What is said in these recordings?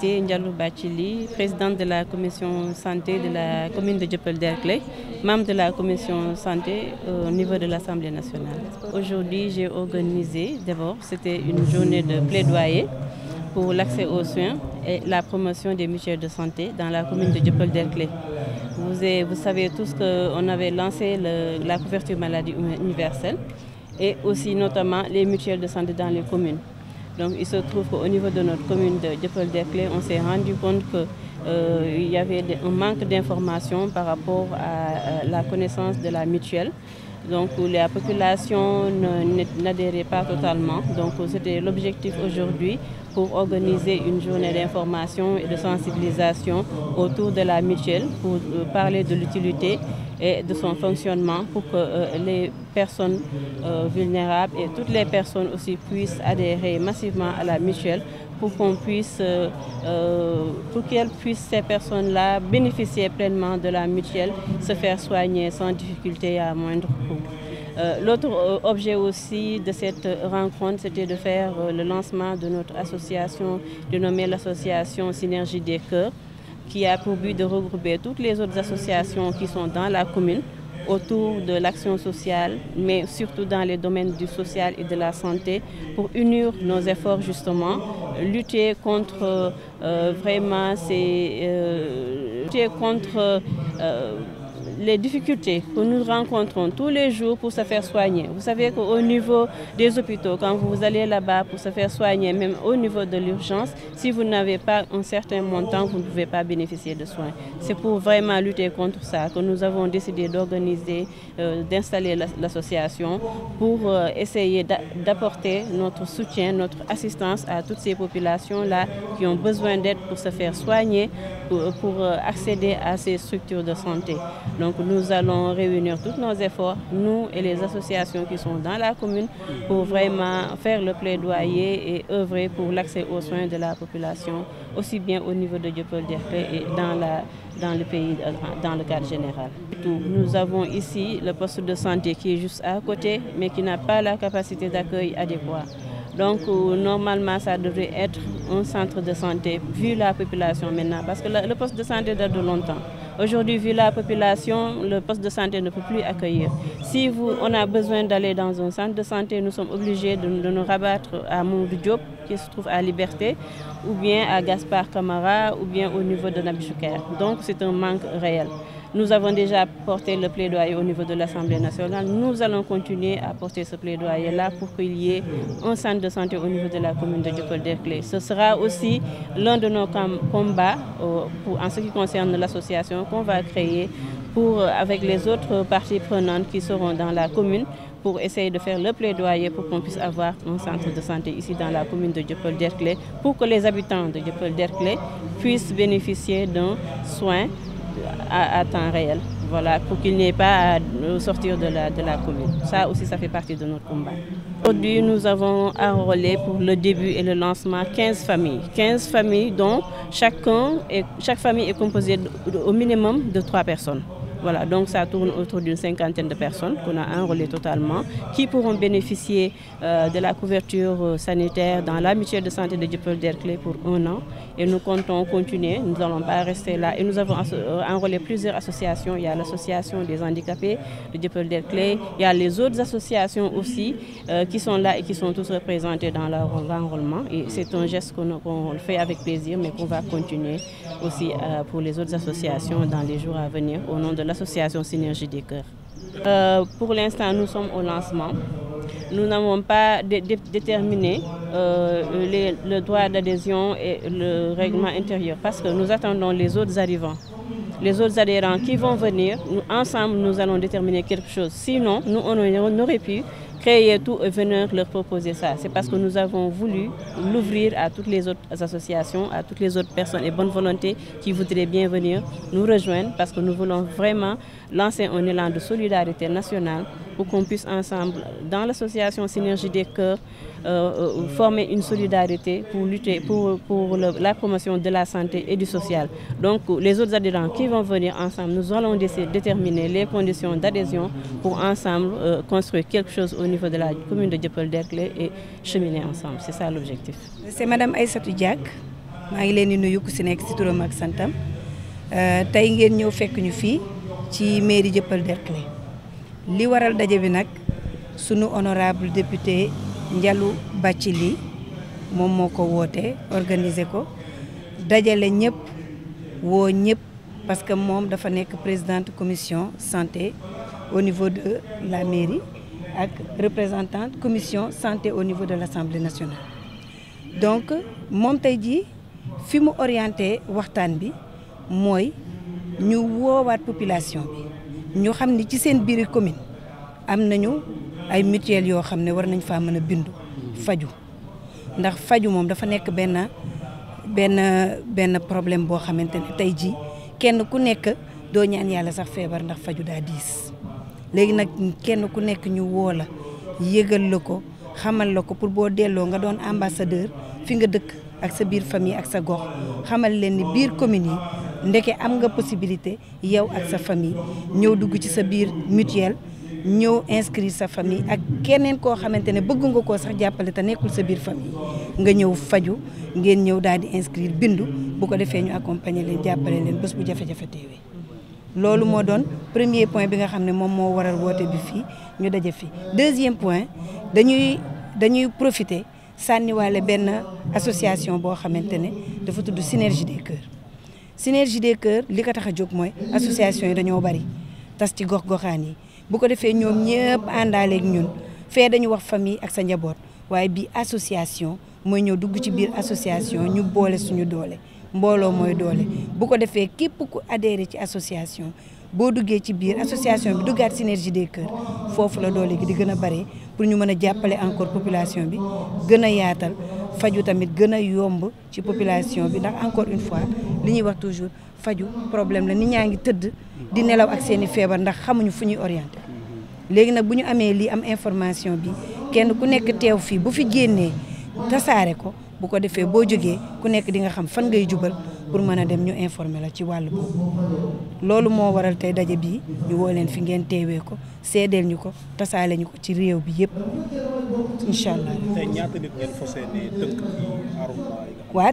Diakité Ndialou Bachili, présidente de la commission santé de la commune de djepel delclé membre de la commission santé au niveau de l'Assemblée nationale. Aujourd'hui, j'ai organisé, d'abord, c'était une journée de plaidoyer pour l'accès aux soins et la promotion des mutuelles de santé dans la commune de djepel delclé vous, vous, savez tous qu'on avait lancé la couverture maladie universelle et aussi notamment les mutuelles de santé dans les communes. Donc il se trouve qu'au niveau de notre commune de dieppel on s'est rendu compte qu'il euh, y avait un manque d'informations par rapport à, la connaissance de la mutuelle. Donc la population n'adhérait pas totalement. Donc c'était l'objectif aujourd'hui pour organiser une journée d'information et de sensibilisation autour de la mutuelle pour euh, parler de l'utilité et de son fonctionnement pour que euh, les personnes euh, vulnérables et toutes les personnes aussi puissent adhérer massivement à la mutuelle pour qu'on puisse, euh, euh, pour qu'elles puissent, ces personnes-là, bénéficier pleinement de la mutuelle, se faire soigner sans difficulté à moindre coût. Euh, l'autre objet aussi de cette rencontre, c'était de faire le lancement de notre association, dénommée l'association Synergie des Cœurs, qui a pour but de regrouper toutes les autres associations qui sont dans la commune autour de l'action sociale, mais surtout dans les domaines du social et de la santé, pour unir nos efforts justement, lutter contre euh, vraiment ces... Euh, lutter contre... Euh, les difficultés que nous rencontrons tous les jours pour se faire soigner. Vous savez qu'au niveau des hôpitaux, quand vous allez là-bas pour se faire soigner, même au niveau de l'urgence, si vous n'avez pas un certain montant, vous ne pouvez pas bénéficier de soins. C'est pour vraiment lutter contre ça que nous avons décidé d'organiser, euh, d'installer l'association pour euh, essayer d'apporter notre soutien, notre assistance à toutes ces populations-là qui ont besoin d'aide pour se faire soigner, pour, euh, accéder à ces structures de santé nous allons réunir tous nos efforts, nous et les associations qui sont dans la commune, pour vraiment faire le plaidoyer et œuvrer pour l'accès aux soins de la population, aussi bien au niveau de Diopol et dans, la, dans le pays, euh, dans le cadre général. Nous avons ici le poste de santé qui est juste à côté, mais qui n'a pas la capacité d'accueil adéquate. Donc euh, normalement, ça devrait être un centre de santé, vu la population maintenant, parce que le poste de santé date de longtemps. Aujourd'hui, vu la population, le poste de santé ne peut plus accueillir. Si vous, on a besoin d'aller dans un centre de santé, nous sommes obligés de, nous rabattre à Moundou qui se trouve à Liberté, ou bien à Gaspard Camara, ou bien au niveau de Nabichouker. Donc c'est un manque réel. Nous avons déjà porté le plaidoyer au niveau de l'Assemblée nationale. Nous allons continuer à porter ce plaidoyer-là pour qu'il y ait un centre de santé au niveau de la commune de Djokol Derclé. Ce sera aussi l'un de nos combats euh, en ce qui concerne l'association qu'on va créer pour, avec les autres parties prenantes qui seront dans la commune pour essayer de faire le plaidoyer pour qu'on puisse avoir un centre de santé ici dans la commune de diopol Derclé pour que les habitants de Djepol Derclé puissent bénéficier d'un soin à, temps réel, voilà, pour qu'il n'y ait pas à sortir de la, de la commune. Ça aussi, ça fait partie de notre combat. Aujourd'hui, nous avons enrôlé pour le début et le lancement 15 familles. 15 familles dont chacun et chaque famille est composée au minimum de 3 personnes. Voilà, donc ça tourne autour d'une cinquantaine de personnes qu'on a enrôlées totalement, qui pourront bénéficier euh, de la couverture euh, sanitaire dans la de santé de dieppe Derclé pour un an. Et nous comptons continuer, nous n'allons pas rester là. Et nous avons euh, enrôlé plusieurs associations. Il y a l'association des handicapés de dieppe Derclé, il y a les autres associations aussi qui sont là et qui sont tous représentées dans leur enrôlement. Et c'est un geste qu'on fait avec plaisir, mais qu'on va continuer aussi pour les autres associations dans les jours à venir au nom de l'association Synergie des Cœurs. Euh, pour l'instant, nous sommes au lancement. Nous n'avons pas déterminé euh, le droit d'adhésion et le règlement intérieur parce que nous attendons les autres arrivants. Les autres adhérents qui vont venir, nous, ensemble, nous allons déterminer quelque chose. Sinon, nous, on aurait pu créer tout et venir leur proposer ça. C'est parce que nous avons voulu l'ouvrir à toutes les autres associations, à toutes les autres personnes et bonnes volontés qui voudraient bien venir nous rejoindre parce que nous voulons vraiment lancer un élan de solidarité nationale pour qu'on puisse ensemble, dans l'association Synergie des Cœurs, euh, euh, former une solidarité pour lutter pour, pour la promotion de la santé et du social. Donc les autres adhérents qui vont venir ensemble, nous allons déterminer les conditions d'adhésion pour ensemble euh, construire quelque chose au niveau de la commune de Diopol d'Erclé et cheminer ensemble. C'est ça l'objectif. C'est Madame Aïssatou Diak. je suis leen di nuyu santam ngeen ñëw fekk ñu mairie derklé li waral que bi honorable Ndialou Bathily moom moko ko organisé organiser ko dajale ñëpp wo ñëpp parce que sommes dafa de présidente commission santé au niveau de la mairie ak représentante commission santé au niveau de l'Assemblée nationale. donc mon tey jii orienté bi nous ñu wat population bi ñu avons ni ci seen commune ay mutuelle yoo xam ne war nañ faa mën a bindu faju ndax faju moom dafa nekk benn benn benn problème boo xamante ne tey jii kenn ku nekk doo ñaan yàlla sax feebar ndax faju daa diis léegi nag kenn ku nekk ñu woola la yëgal la ko xamal la ko pour boo delloo nga doon ambassadeur fi nga dëkk ak sa biir famille ak sa gox xamal leen ni biir commune yi ndeke am nga possibilité yow ak sa famille ñëw dugg ci sa biir mutuelle ñëw inscrire sa famille ak keneen koo xamante ne bëgg nga koo sax jàppale te nekkul sa biir famille nga ñëw faju ngeen ñëw daal di inscrire bindu bu ko defee ñu accompagner leen jàppale leen bés bu jafe-jafe teewee. loolu moo doon premier point bi nga xam ne moom moo waral woote bi fii ñu daje fii deuxième point dañuy dañuy profiter sànniwaale benn association boo xamante ne dafa tudd synergie des cœurs synergie des cœurs li ko tax a association yi dañoo bari tas ci gox-goxaan bu ko defee ñoom ñëpp àndaale ak ñun fee dañu wax famille ak sa njaboot waaye bii association mooy ñëw dugg ci biir association ñu boole suñu doole mbooloo mooy doole bu ko defee képp ku adhéré ci association boo duggee ci biir association bi duggaat synergie des cœurs foofu la doole gi di gën a bare pour ñu mën a jàppale encore population bi gën a yaatal faju tamit gën a yomb ci population bi ndax encore une fois li ñuy wax toujours faju problème la nit ñaa ngi tëdd di nelaw ak seen i feebar ndax xamuñu fu ñuy orienté léegi nag bu ñu amee lii am information bi kenn ku nekk teew fii bu fi génnee tasaare ko bu ko defee boo jógee ku nekk di nga xam fan ngay jubal pour mën a dem ñu informer la ci wàll boobu loolu moo waral tey daje bi ñu woo leen fi ngeen teewee ko seedeel ñu ko tasaale ñu ko ci réew bi yëpp incha allah. tey ñaata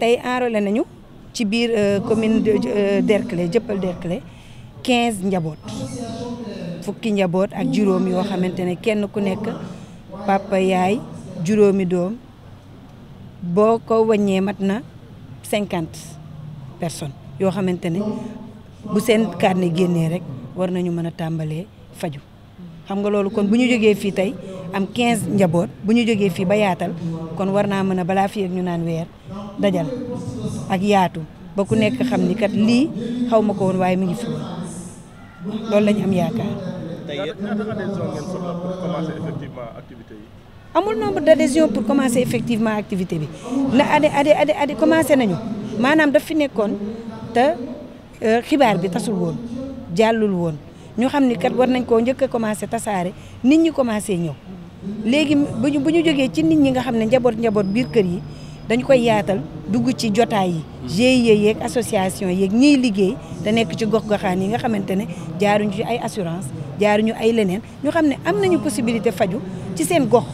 tey enrôlé nañu ci biir euh, commune de euh, Derklé Jëppal Derklé quinze njaboot fukki njaboot ak juróom yoo xamante ne kenn ku nekk papa yaay juróomi doom boo ko wàññee mat na cinquante. personnes yoo xamante ne bu seen carnet génnee rek war nañu mën a tàmbalee faju xam nga loolu kon bu ñu jógee fii tey am 15 njaboot bu ñu jógee fii ba yaatal kon war naa mën a balaa fii ñu naan weer dajal ak yaatu ba ku nekk xam ni kat lii xaw ma ko woon waaye mi ngi fi woon loolu lañu am yaakaar. amul nombre d'adhésion pour commencer effectivement activité bi la adhé adhé adhé commencé nañu. maanaam daf fi nekkoon te euh, xibaar bi tasul woon jàllul woon ñu xam ni kat war nañ koo njëkk a commencé tasaare nit ñi commencé ñëw léegi bu ñu bu ñu jógee ci nit ñi nga xam ne njaboot njaboot biir kër yi dañu koy yaatal dugg ci jotaay yi hmm. GIE yeeg association yeeg ñiy liggéey te nekk ci gox-goxaan yi nga xamante ne jaaruñu ci ay assurance jaaruñu ay leneen ñu xam ne am nañu possibilité faju ci seen gox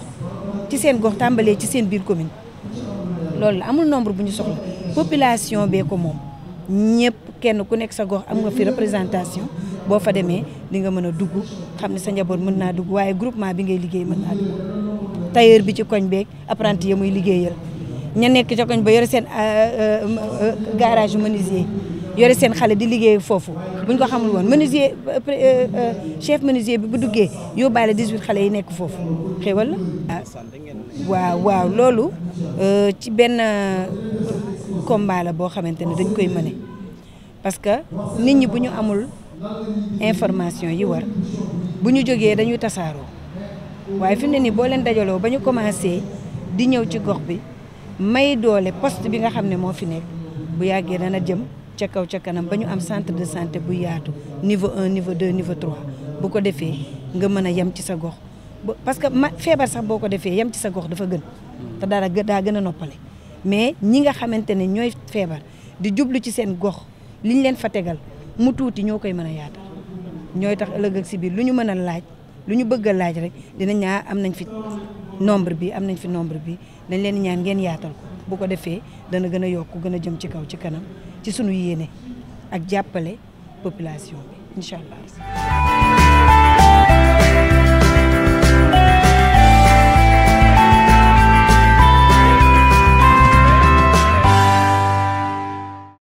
ci seen gox tàmbalee ci seen biir commune loolu la amul nombre bu ñu soxla population bee ko moom ñëpp kenn ku nekk sa gox am nga fi représentation bo fa démé li nga mëna dugg xamni sa njaboot mëna dugg waye groupement bi ngay liggéey mëna dugg tailleur bi ci koñ beeg apprenti ya muy liggéeyal ña nekk ci koñ ba yore sen euh, euh, euh, garage menuisier yore s'en xalé di liggéey fofu buñ ko xamul won menuisier chef menuisier bi bu duggee yóbbaale 18 xalé yi nekk fofu xéwal la ah. waaw waaw lolu ci ben combat la boo xamante ni dañ koy mëne parce que nit ñi bu ñu amul information yi war bu ñu jógee dañuy tasaaroo waaye fi ne nii boo leen dajaloo ba ñu commencé di ñëw ci gox bi may doole poste bi nga xam ne moo fi nekk bu yàggee dana jëm ca kaw ca kanam ba ñu am centre de santé bu yaatu niveau un niveau deux niveau trois bu ko defee nga mën a yem ci sa gox parce que ma feebar sax boo ko defee yem ci sa gox dafa gën te dara daa gën a noppale mais ñi nga xamante ne ñooy feebar di jublu ci seen gox li ñu leen fa tegal mu tuuti ñoo koy mën a yaatal ñooy tax ëllëg ak si biir lu ñu mën a laaj lu ñu bëgg a laaj rek dina ñaa am nañ fi nombre bi am nañ fi nombre bi dañ leen ñaan ngeen yaatal ko bu ko defee dana gën a yokk gën a jëm ci kaw ci kanam ci suñu yéene ak jàppale population bi incha allah